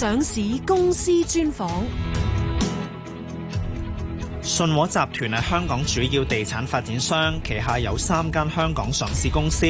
上市公司專訪，信和集團係香港主要地產發展商，旗下有三間香港上市公司，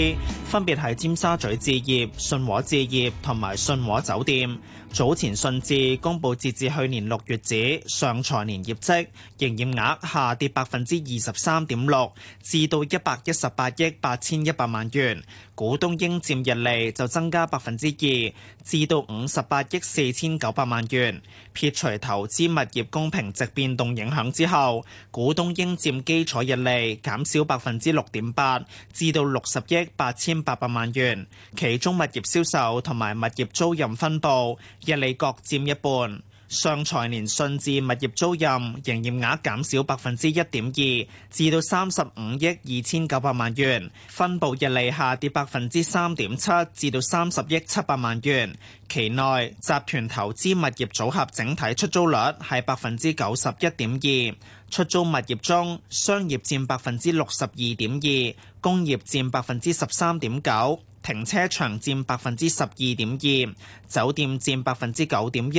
分別係尖沙咀置業、信和置業同埋信和酒店。早前信置公佈截至去年六月止上財年業績，營業額下跌百分之二十三點六，至到一百一十八億八千一百萬元。股東應佔溢利就增加百分之二，至到五十八億四千九百萬元。撇除投資物業公平值變動影響之後，股東應佔基礎溢利減少百分之六點八，至到六十億八千八百萬元。其中物業銷售同埋物業租賃分部溢利各佔一半。上財年信置物業租賃營業額減少百分之一點二，至到三十五億二千九百萬元；分部溢利下跌百分之三點七，至到三十億七百萬元。期內集團投資物業組合整體出租率係百分之九十一點二，出租物業中商業佔百分之六十二點二，工業佔百分之十三點九。停車場佔百分之十二點二，酒店佔百分之九點一，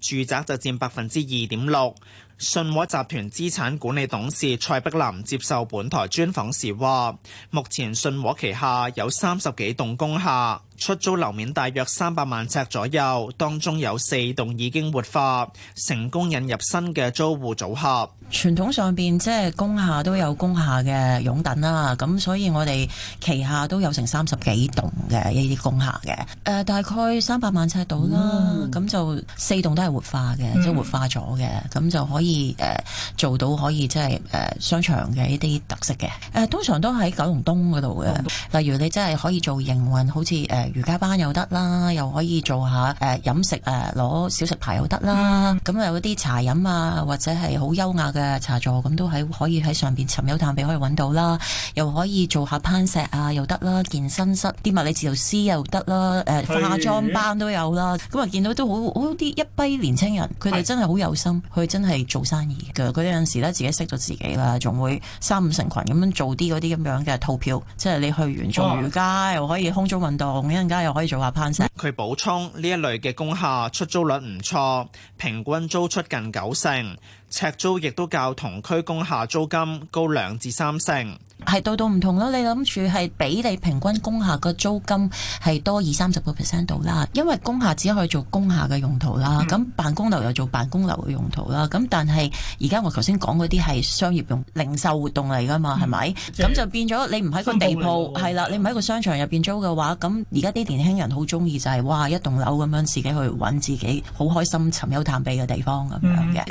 住宅就佔百分之二點六。信和集團資產管理董事蔡碧林接受本台專訪時話：目前信和旗下有三十幾棟工廈，出租樓面大約三百萬尺左右，當中有四棟已經活化，成功引入新嘅租戶組合。傳統上邊即係工廈都有工廈嘅擁躉啦，咁所以我哋旗下都有成三十幾棟嘅呢啲工廈嘅，誒、呃、大概三百萬尺度啦，咁、嗯、就四棟都係活化嘅，即係、嗯、活化咗嘅，咁就可以。可以誒、呃、做到可以即係誒商場嘅一啲特色嘅誒、呃，通常都喺九龍東嗰度嘅。東東例如你真係可以做營運，好似誒、呃、瑜伽班又得啦，又可以做下誒、呃、飲食誒攞、呃、小食牌又得啦。咁、嗯、有啲茶飲啊，或者係好優雅嘅茶座，咁都喺可以喺上邊尋幽探秘可以揾到啦。又可以做下攀石啊，又得啦。健身室啲物理治療師又得啦。誒、呃、是化妝班都有啦。咁啊見到都好好啲一班年青人，佢哋真係好有心，佢真係。做生意嘅嗰啲，有時咧自己識咗自己啦，仲會三五成群咁樣做啲嗰啲咁樣嘅套票，即係你去完做瑜伽，哦、又可以空中運動，一陣間又可以做下攀石。佢補充呢一類嘅工廈，出租率唔錯，平均租出近九成。尺租亦都較同區工廈租金高兩至三成，係度度唔同啦。你諗住係比你平均工廈個租金係多二三十個 percent 度啦。因為工廈只可以做工廈嘅用途啦，咁、嗯、辦公樓又做辦公樓嘅用途啦。咁但係而家我頭先講嗰啲係商業用零售活動嚟㗎嘛，係咪、嗯？咁即就變咗你唔喺個地鋪係啦，你唔喺個商場入邊租嘅話，咁而家啲年輕人好中意就係、是、哇一棟樓咁樣自己去揾自己好開心尋幽探秘嘅地方咁樣嘅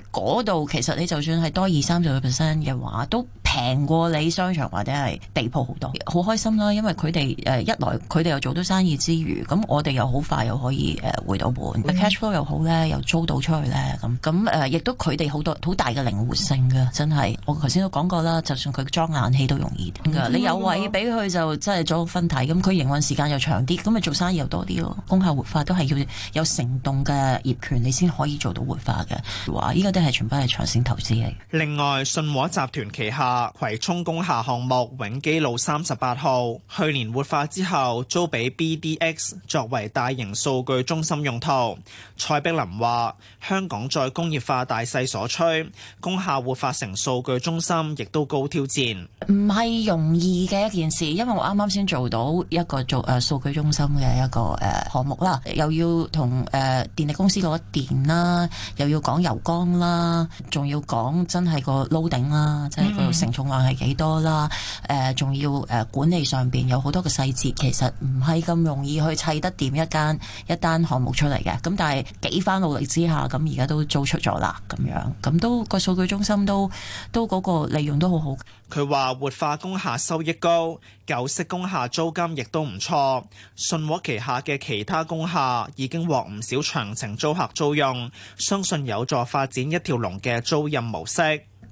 度。嗯，那裡其實你就算係多二三十個 percent 嘅話，都，平過你商場或者係地鋪好多，好開心啦！因為佢哋一來佢哋又做到生意之餘，咁我哋又好快又可以回到本。嗯、cash flow 又好咧，又租到出去咧咁。咁亦都佢哋好多好大嘅靈活性㗎，真係我頭先都講過啦。就算佢裝冷氣都容易㗎，嗯、你有位俾佢、嗯、就真係做分體，咁佢營運時間又長啲，咁咪做生意又多啲咯。工廈活化都係要有成棟嘅業權，你先可以做到活化嘅話，依家都係全部係長線投資嚟。另外，信和集團旗下。葵涌工廈項目永基路三十八號，去年活化之後租俾 BDX 作為大型數據中心用途。蔡碧林話：香港在工業化大勢所趨，工廈活化成數據中心亦都高挑戰，唔係容易嘅一件事。因為我啱啱先做到一個做誒數據中心嘅一個誒項目啦，又要同誒電力公司攞電啦，又要講油缸啦，仲要講真係個 loading 啦，即係嗰度成重量係幾多啦？誒、呃，仲要誒、呃、管理上邊有好多嘅細節，其實唔係咁容易去砌得掂一間一單項目出嚟嘅。咁但係幾番努力之下，咁而家都租出咗啦。咁樣，咁都個數據中心都都嗰個利用都好好。佢話活化工廈收益高，舊式工廈租金亦都唔錯。信和旗下嘅其他工廈已經獲唔少長程租客租用，相信有助發展一條龍嘅租賃模式。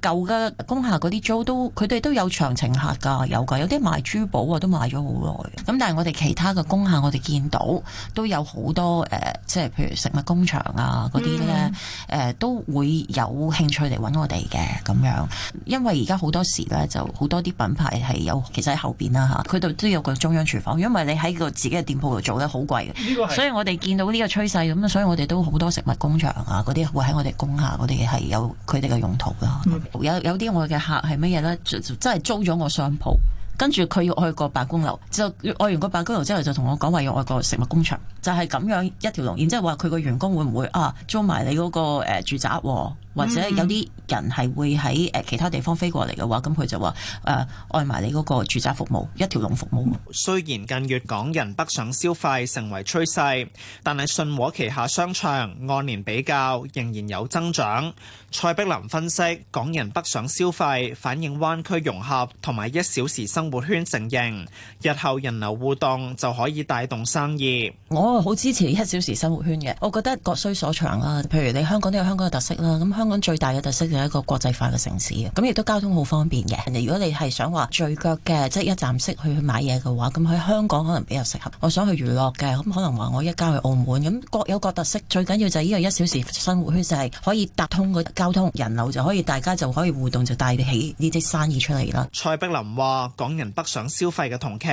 舊嘅工廈嗰啲租都，佢哋都有長情客㗎，有㗎，有啲賣珠寶啊，都賣咗好耐。咁但係我哋其他嘅工廈，我哋見到都有好多誒，即、呃、係譬如食物工場啊嗰啲咧，誒、嗯呃、都會有興趣嚟搵我哋嘅咁樣。因為而家好多時咧，就好多啲品牌係有，其實喺後邊啦佢度都有個中央廚房，因為你喺個自己嘅店鋪度做得好貴嘅。所以我哋見到呢個趨勢咁所以我哋都好多食物工場啊嗰啲，會喺我哋工廈，我哋係有佢哋嘅用途啦。嗯有有啲我嘅客係乜嘢呢？就，就真係租咗我上鋪，跟住佢要去個辦公樓，就愛完個辦公樓之後就同我講話要愛個食物工場，就係咁樣一條龍。然之後話佢個員工會唔會啊租埋你嗰個誒住宅喎？或者有啲人係會喺其他地方飛過嚟嘅話，咁佢就話誒，愛、啊、埋你嗰個住宅服務，一條龍服務。雖然近月港人北上消費成為趨勢，但係信和旗下商場按年比較仍然有增長。蔡碧林分析，港人北上消費反映灣區融合同埋一小時生活圈成型，日後人流互動就可以帶動生意。我好支持一小時生活圈嘅，我覺得各需所長啦、啊。譬如你香港都有香港嘅特色啦、啊，咁。香港最大嘅特色就係一個國際化嘅城市嘅，咁亦都交通好方便嘅。人哋如果你係想話聚腳嘅，即係一站式去買嘢嘅話，咁喺香港可能比較適合。我想去娛樂嘅，咁可能話我一家去澳門，咁各有各特色。最緊要就係呢個一小時生活圈就係可以搭通個交通人流，就可以大家就可以互動，就帶起呢啲生意出嚟啦。蔡碧林話：港人北上消費嘅同期，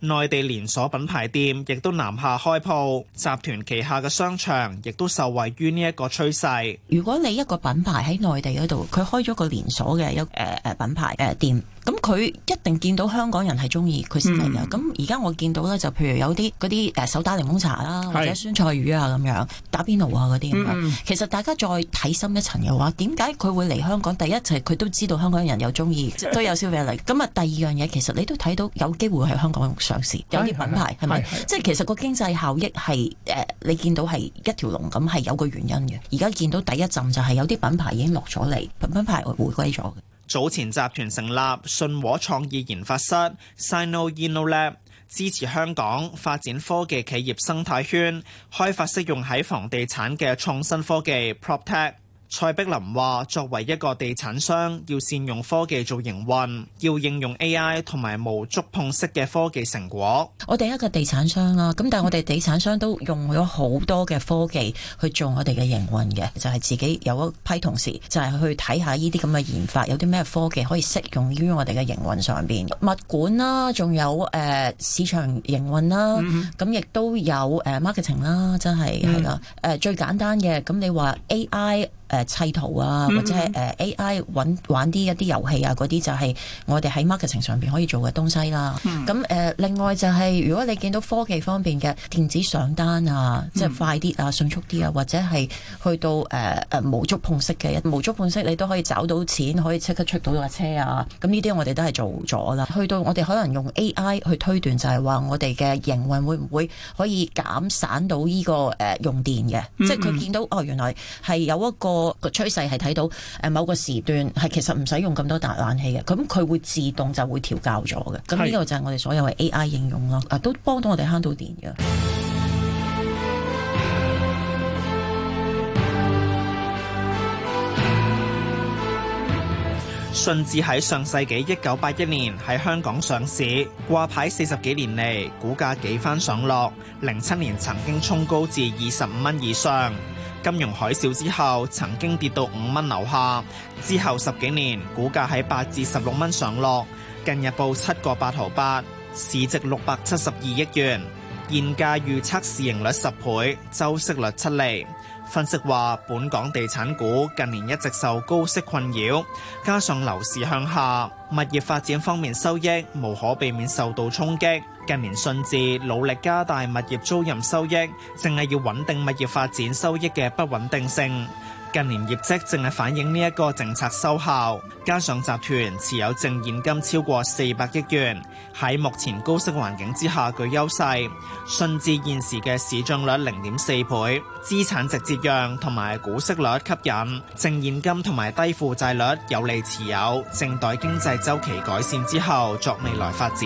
內地連鎖品牌店亦都南下開鋪，集團旗下嘅商場亦都受惠於呢一個趨勢。如果你一個品牌喺內地嗰度，佢開咗個連鎖嘅一誒誒品牌嘅、呃呃、店。咁佢一定見到香港人係中意佢先嚟嘅。咁而家我見到咧，就譬如有啲嗰啲誒手打檸檬茶啦，是或者酸菜魚啊咁樣，打邊爐啊嗰啲咁樣。嗯、其實大家再睇深一層嘅話，點解佢會嚟香港？第一，就係佢都知道香港人有中意，都有消費力。咁啊，第二樣嘢其實你都睇到有機會喺香港上市，有啲品牌係咪？吧即係其實個經濟效益係誒，你見到係一條龍咁，係有個原因嘅。而家見到第一陣就係有啲品牌已經落咗嚟，品牌回歸咗嘅。早前集團成立信和創意研發室 （Sino Inno Lab），支持香港發展科技企業生態圈，開發適用喺房地產嘅創新科技 PropTech。蔡碧林話：作為一個地產商，要善用科技做營運，要應用 AI 同埋無觸碰式嘅科技成果。我哋一個地產商啦，咁但係我哋地產商都用咗好多嘅科技去做我哋嘅營運嘅，就係、是、自己有一批同事就係去睇下呢啲咁嘅研發有啲咩科技可以適用於我哋嘅營運上面，物管啦，仲有誒、呃、市場營運啦，咁亦、mm hmm. 都有誒 marketing 啦，真係係啦，誒、hmm. 呃、最簡單嘅，咁你話 AI。呃，砌圖啊，或者係、呃、AI 揾玩啲一啲遊戲啊，嗰啲就係我哋喺 marketing 上邊可以做嘅東西啦。咁、嗯呃、另外就係、是、如果你見到科技方面嘅電子上單啊，即、就、係、是、快啲啊、迅速啲啊，或者係去到誒誒、呃、無足碰式嘅一無觸碰式你都可以找到錢，可以即刻出到架車啊。咁呢啲我哋都係做咗啦。去到我哋可能用 AI 去推斷，就係話我哋嘅營運會唔會可以減散到呢、這個、呃、用電嘅，嗯、即係佢見到哦，原來係有一個。個趨勢係睇到誒，某個時段係其實唔使用咁多大冷氣嘅，咁佢會自動就會調校咗嘅。咁呢個就係我哋所有嘅 AI 應用咯，啊，都幫到我哋慳到電嘅。是信置喺上世紀一九八一年喺香港上市，掛牌四十幾年嚟，股價幾番上落，零七年曾經衝高至二十五蚊以上。金融海嘯之後，曾經跌到五蚊樓下，之後十幾年股價喺八至十六蚊上落，近日報七個八毫八，市值六百七十二億元，現價預測市盈率十倍，周息率七釐。分析話，本港地產股近年一直受高息困擾，加上樓市向下，物業發展方面收益無可避免受到衝擊。近年，信置努力加大物業租賃收益，淨係要穩定物業發展收益嘅不穩定性。近年業績淨係反映呢一個政策收效。加上集團持有淨現金超過四百億元，喺目前高息環境之下具優勢。信置現時嘅市賬率零點四倍，資產直接讓同埋股息率吸引，淨現金同埋低負債率有利持有。正待經濟周期改善之後作未來發展。